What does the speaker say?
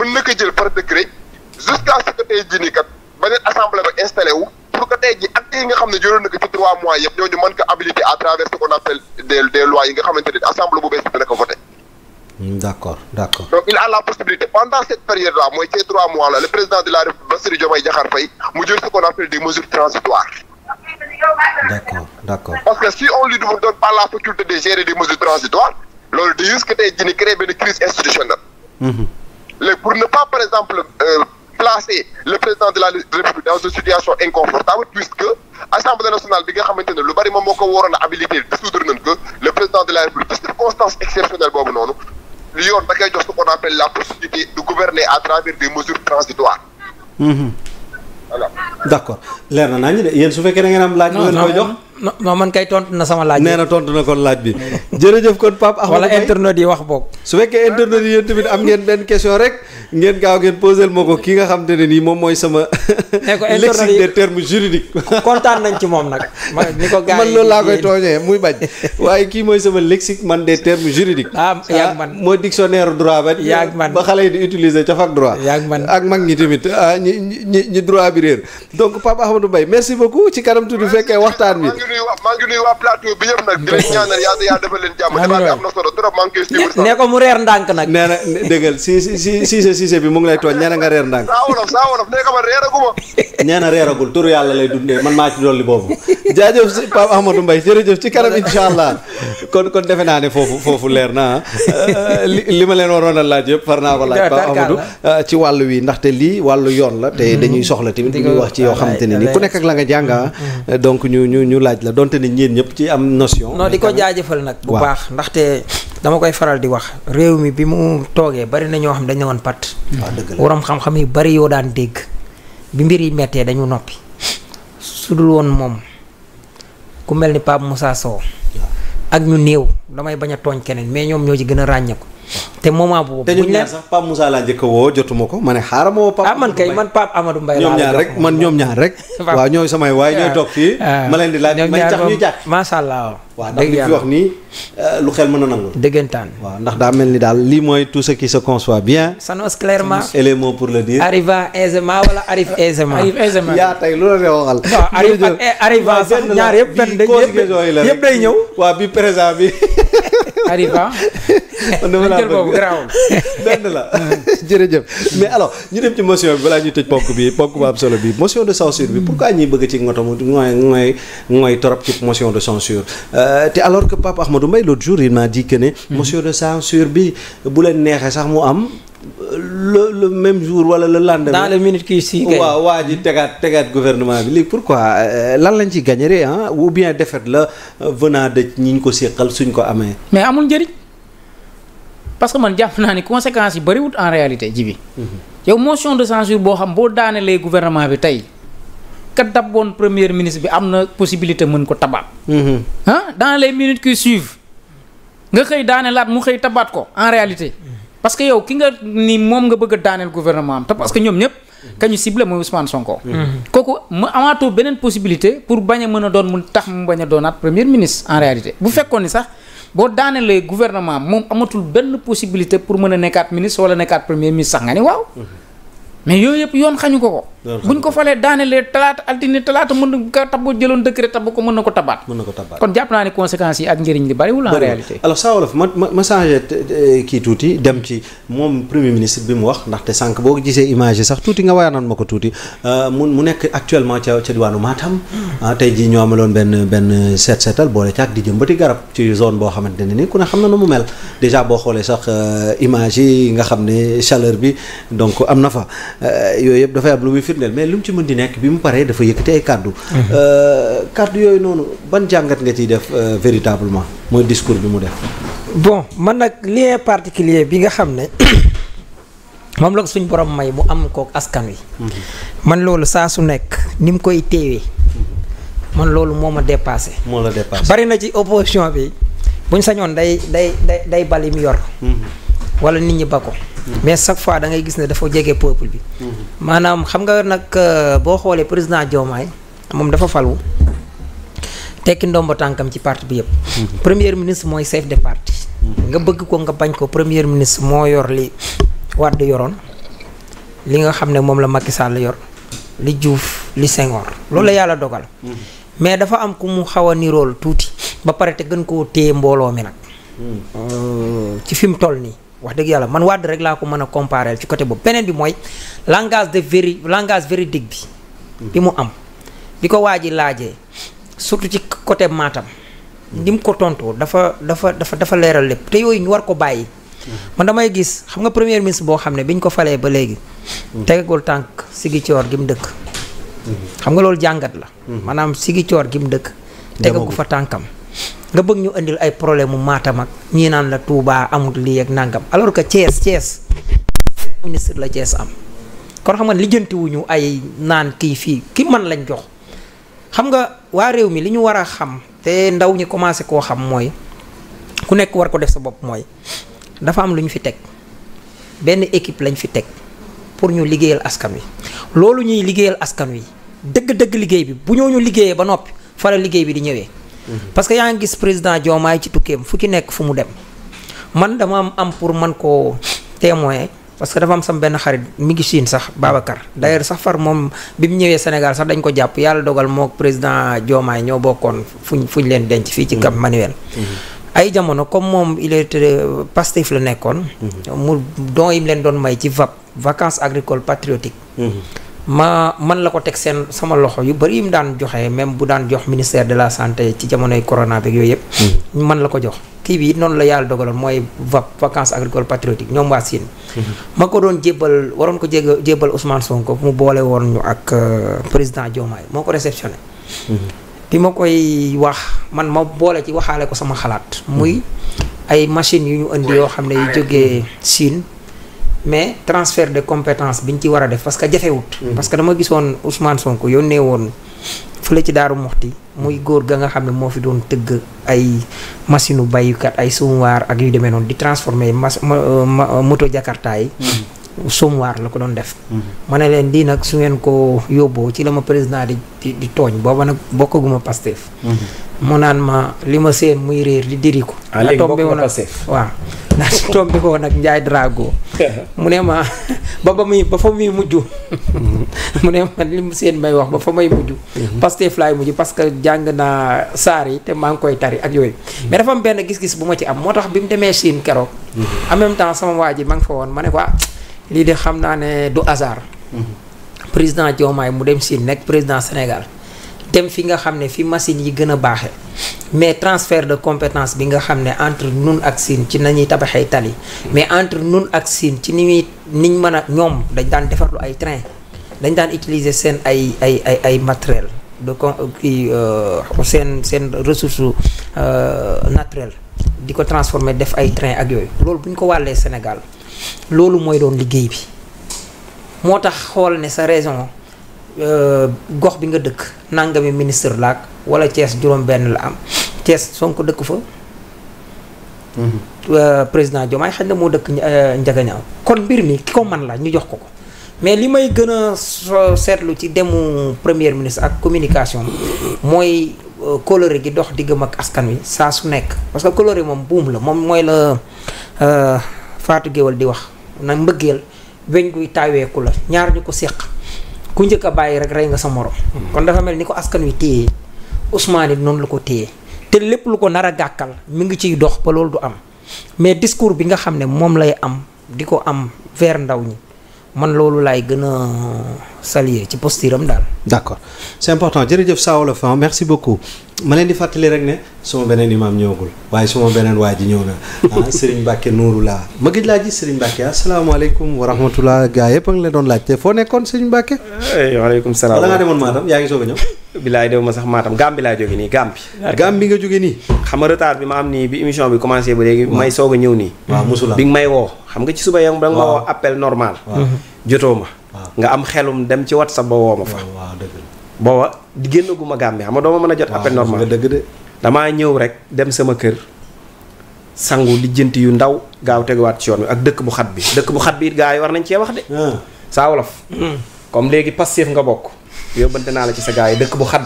mën na ko jël par décret jusqu'à ce que tey jii nii kat beneen assemblée ba installé wu pour que tey jii acte yi nga xam ne jëloon na ko ci trois mois yëpp ñooñu mën ko habilité à travers ce qu'on appelle yi nga xamante ne assemblée bu bees bi dana ko voté. Hmm, d'accord il a la possibilité pendant cette période là mooy ces trois mois là le président de la République Bassirou Diomaye Diakhar Faye mu jël ce qu'on appelle des mesures transitoires. parce que si on lui la faculté des mesures transitoires loolu de juste que tey jii léegi pour ne pas par exemple euh, placer le président de la République dans une situation inconfortable puisque assemblée nationale bi nga xamante ne lu bari moom moo ko waroon a habilité dissoudre nañ ko le président de la République de circonstance exceptionnelle boobu noonu lu yoon da koy jox ce qu'on appelle la possibilité de gouverner à travers des mesures transitoires mmh. leer na naa ñu de yéen su fekkee da am laaj. non koy jox. non man kay tontu na sama laaj bi nee na tontu na kon laaj bi. jërëjëf kon Pape Ahmadou wala ma ko ko gars man loolu laa koy tooñee muy bañ. waaye sama lexique man des termes juridiques. ah yaag man ah, mooy dictionnaire droit ba. yaag man ba xale yi di utiliser ca fac droit. yaag man ak mag ñi tamit ah ñi ñi merci beaucoup ci kanam tudd fekkee waxtaan bi. nuyu waa maa ngi nuyu waa ne ko mu reer ndànk nag. nee na dëggal si si si si bi mu ngi lay tooñ ñaana nga reer ndànk. saa wolof reeragul turu yàlla lay dundee man maa ci dolli boobu. jaajëf si Pape Amadou mbay jërëjëf ci kanam incha allah kon kon defe naa ne foofu foofu leer naa ah. euh, li li ma leen waroon a laaj yëpp far naa ko laaj Pape Amadou euh, ci wàllu wi ndaxte lii wàllu yoon la te mhm. dañuy soxla tamit ñuy wax ci yoo xamante ne ni ku nekk la nga jànga ah. donc ñu ñu laaj laaj la donte ne ñeen ñëpp ci am notion. non di ko jaajëfal nag. bu baax ndaxte dama koy faral di wax. réew mi bi mu toogee bari na ñoo xam dañ ne woon pat. waaw ah, dëgg waroom xam-xam yu bari yoo daan dégg bi mbir yi mettee dañu noppi su dul woon moom ku mel ni Pape Moussa Sow. ak ñu néew damay bañ a tooñ keneen mais ñoom ñoo ci gën a ràññeeku. te moment boobu. buñ la sax Pape Moussa laa njëkk a woo jotuma ko ma ne xaaral ma woo Pape ah man kay man Pape Amadou Mbaye ñoom ñaar rek man ñoom ñaar rek. waaw ñooy samay waaye ñooy toog fii. Ah. ma leen di laaj may tax ñu jàkk. macha allah waaw ndax euh, a nangu. dëggantaan waaw ndax daa mel ni daal lii mooy tout ce qui se conçoit bien. s'annonce clairement. et les mots pour le dire. arriva aisément wala arrive aisément. arrive aisément yaa tey lu la waxal. Eh, waaw arrive sax ñaar yëpp benn yëpp day ñëw. waa bi présent bi arriva man dama laa boobu garaawul benn la jërëjëf mais alors ñu dem ci motion bi balaa ñuy tëj ponk bi ponk bu am solo bi motion de censure bi pourquoi ñuy bëgg ci ngoto mu mooy mooy mooy torop ci motion de censure euh, te alors que Pape Ahmadou Mbaye l'autre jour il m'a dit ne mm-hmm. motion de censure bi bu leen neexee sax mu am le le même jour wala le lendemain. dans les minutes qui si waaw waa ji tegaat tegaat gouvernement bi pour pourquoi euh, lan lañ ci gagneree ah ou bien défaite la venant de ñi ñu ko séqal suñ ko amee. mais amul njëriñ parce que man jàpp naa ni conséquences yu bëriwut en réalité ji bi. Mm-hmm. yow motion de censure boo xam boo daanelee gouvernement bi tey. ka daboon premier ministre bi am na possibilité mën ko tabaat mm-hmm. dans les minutes qui suivent nga xëy daane laat mu xëy tabaat ko en réalité mm-hmm. parce que yow ki nga ni moom nga bëgg a daaneel gouvernement am te parce que ñoom ñëpp kañu ciblé mooy Ousmane Sonko. Mm-hmm. kooku mu amaatoo beneen possibilité pour bañ a mën a doon mu tax mu bañ a doonaat premier ministre en réalité bu fekkoon ni sax boo daanelee gouvernement moom amatul benn possibilité pour mën a nekkaat ministre wala nekkaat premier ministre sax nga ni waaw mm-hmm. mais yooyu yëpp yoon xañu ko ko. buñ ko falee daanelee talaata altine talaata mën na ko tabbu jëloon décret tabbu ko mën na ko tabaat. mën na ko tabaat kon jàpp naa ne conséquences yi ak njëriñ li bariwul. en réalité alors Saa Wolof ma ma ma kii tuuti dem ci moom premier ministre bi mu wax ndaxte sànq boo gisee image sax tuuti nga wayanaan ma ko tuuti euh, mu mu nekk actuellement ca ca diwaanu Matam. Ah, tey jii ñoo amaloon benn benn seet seetal boole caag di jëmbati garab ci zone boo xamante ne nii ku ne xam na nu mu mel déjà boo xoolee sax euh, image nga xam ne chaleur bi donc am na fa euh, yooyu yëpp firndeel mais lu mu ci mën di nekk bi mu paree dafa yëkkati ay kàddu mhm. euh, kàddu yooyu noonu ban jàngat nga ciy def euh, véritablement mooy discours bi mu def bon man nag lien particulier bi nga xam ne moom la ko suñ borom may mu am kook askan wi mhm. man loolu saa su nekk ni mu koy téewee man loolu moo ma dépassé moo la dépassé bari na ci opposition bi buñ sañoon day day day day bali mu yor mhm. wala nit ñi ba ko mais chaque fois da gis ne dafa jege peuple bi. maanaam xam nga nag euh, boo xoolee président Diomaye moom dafa falu tekki ndombo tànkam ci parti bi yëpp. première ministre mooy chef de parti. nga bëgg ko nga bañ ko premier ministre moo yor li Wade yoroon li nga xam ne moom la Macky Sall yor li Diouf li sengoor loolu la mm. yàlla dogal. Mm. mais dafa am ku mu xaw a nirool tuuti ba pare te gën koo téye mbooloo mi nag. Mm. ci fi mu toll nii. wax dëgg yàlla man Wade rek laa ko mën a comparer ci côté boobu beneen bi mooy langage de véri langage véridique bi. bi mu am bi ko waa ji laajee surtout ci côté Matam. ni mu ko tontoo dafa dafa dafa dafa leeral lépp te yooyu ñu war ko bàyyi. Mm-hmm. man damay gis xam nga première ministre boo xam ne bi ñu ko falee ba léegi. Mm-hmm. tegagul tànk sigi coor gi mu dëkk. Mm-hmm. xam nga loolu jàngat la. maanaam sigi coor gi mu dëkk. tegagu fa tànkam. nga bëgg ñu indil ay problème mu Matam ak ñii naan la Touba amul lii ak nangam alors que Thiès Thiès ministre la Thiès am kon xam nga lijjantiwuñu ay naan kii fii ki man lañ jox xam nga waa réew mi li ñu war a xam te ndaw ñi commencé koo xam mooy ku nekk war ko def sa bopp mooy dafa am lu ñu fi teg benn équipe lañ fi teg pour ñu liggéeyal askan wi loolu ñuy liggéeyal askan wi dëgg-dëgg liggéey bi bu ñoo ñu liggéeyee ba noppi fa liggéey bi di ñëwee. parce que yaa ngi gis président Diomaye ci tukkeem fu ci nekk fu mu dem man dama am am pour man koo témoin parce que dafa am sam benn xarit mi ngi Chine sax Babacar d'ailleurs sax far moom bi mu ñëwee Sénégal sax dañ ko jàpp yàlla dogal moog président Diomaye ñoo bokkoon fu fuñ leen denc fii ci Cap Manuel mm-hmm. ay jamono comme moom il était Pastef la nekkoon mm-hmm. mu don leen doon may ci VAP vacances agricoles patriotiques mm-hmm. ma man la ko teg seen sama loxo yu bëri yu mu daan joxe même bu daan jox ministère de la santé ci jamonoy corona beeg yooyu yëpp. Hmm. man la ko jox kii bi it noonu la yàlla dogaloon mooy va vacances agricole patriotique ñoom waa Sine. Hmm. ma ko doon jébbal waroon ko jég jébbal son Sonko mu boole woon ñu ak euh, président Diomaye moo ko réceptionné. Hmm. bi ma koy wax man ma boole ci waxaale ko sama xalaat. muy ay machines yu ñu indi yoo xam ne yu jógee Sine. mais transfert de compétence bi ñu ci war a def parce que jafewut. Mm-hmm. parce que dama gisoon Ousmane sonk yónnee woon fu la ci Daaru Moxti muy góor ga nga xam ne moo fi doon tëgg ay machine u baykat ay sumuwaar ak yu demee noonu di transformer mas moto jakarta yi. Mm-hmm. sumuwaar la ko doon def. Mm-hmm. ma ne leen lii nag su ngeen ko yóbboo ci la ma président di di tooñ booba nag bokkaguma Pastef. moo naan ma li ma seen muy réer di diri ko. Ah, la tombé woon waaw. daal di tombé ko nag Ndiaye Drago. mu ne ma ba ba muy ba fa muy mujj. mu ne ma li mu seen may wax ba fa may mujj. Pastef laay mujj parce que jàng naa saar yi te maa ngi koy tari ak yooyu. mais dafa am benn gis-gis bu ma ci am moo tax bi mu demee siin keroog. en même temps sama waa ji ma ngi fa woon ma ne ko ah lii de xam naa ne du hasard. Mhm. président Diomaye mu dem Chine nekk président Sénégal. dem fi nga xam ne fi machine yi gën a baaxee mais transfert de compétence bi nga xam ne entre nun ak siin ci nañuy tabaxee tali mais entre nun ak siin ci ni ñuy niñ mën a ñoom dañ daan defarlu ay train dañ daan utiliser seen ay ay ay ay de con euh, kii euh, seen seen ressource euh, naturelle di ko transformer def ay train ak yooyu loolu bu ñu ko wàllee Sénégal loolu mooy doon liggéey bi moo tax xool ne sa raison Euh, gox bi nga dëkk nangami ministre laak wala cees juróom-benn la am Thiès Sonko dëkk fa. Mhm. Euh, président Diomaye xëy na moo dëkk njagañaaw euh, kon mbir mi ki ko man la ñu jox ko ko mais li may gën a seetlu ci demu premier ministre ak communication mooy coloré gi dox diggam ak askan wi saa su nekk parce que coloré moom buum la moom mooy la faatu Guewel di wax na mbëggeel weñ guy taaweeku la ñaar ñu ko séq ku njëkk a bàyyi rek rey nga sa moroom kon dafa mel ni ko askan wi téye Ousmane noonu la ko téye te lépp lu ko nar a gàkkal mi ngi ciy dox ba loolu du am mais discours bi nga xam ne moom lay am di ko am vers ndaw ñi. man loolu laay gën a saluer ci postiram daal. d'accord c'est important jërëjëf Saa Wolof ah, merci beaucoup. ma leen di fàttali rek ne suma beneen imaam ñëwagul waaye suma beneen waa ji ñëw na ah Serigne Mbacke Nourou laa ma gëj laa ji Serigne Mbacke asalaamaaleykum wa rahmatulah gaa yëpp a ngi la doon laajte foo nekkoon Serigne Mbacke. waaleykum salaam wala ngaa yaa ngi soog a ñëw. bilaay dew ma sax Matam bi laa jóge nii Gàmbi. Gàmbi nga jóge nii. xam nga retard bi ma am nii bi émission bi commencé ba léegi. may soog a ñëw nii. waaw bi nga may woo. xam nga ci suba yow da nga ma woo appel normal. jotoo ma. nga am xelum dem ci WhatsApp ba woo ma fa. booba génnaguma gàmmi xam nga doo ma mën a jot ah, appel normal dëgg de damaa ñëw rek dem sama kër sangu lijjanti yu ndaw gaaw teguwaat ci yoon bi ak dëkk bu xat bi dëkk bu xat bi it gaa yi war nañ cee wax de ah. saa wolof hmm. comme léegi Pastef nga bokk yóbbante naa la ci sa gaa yi dëkk bu xat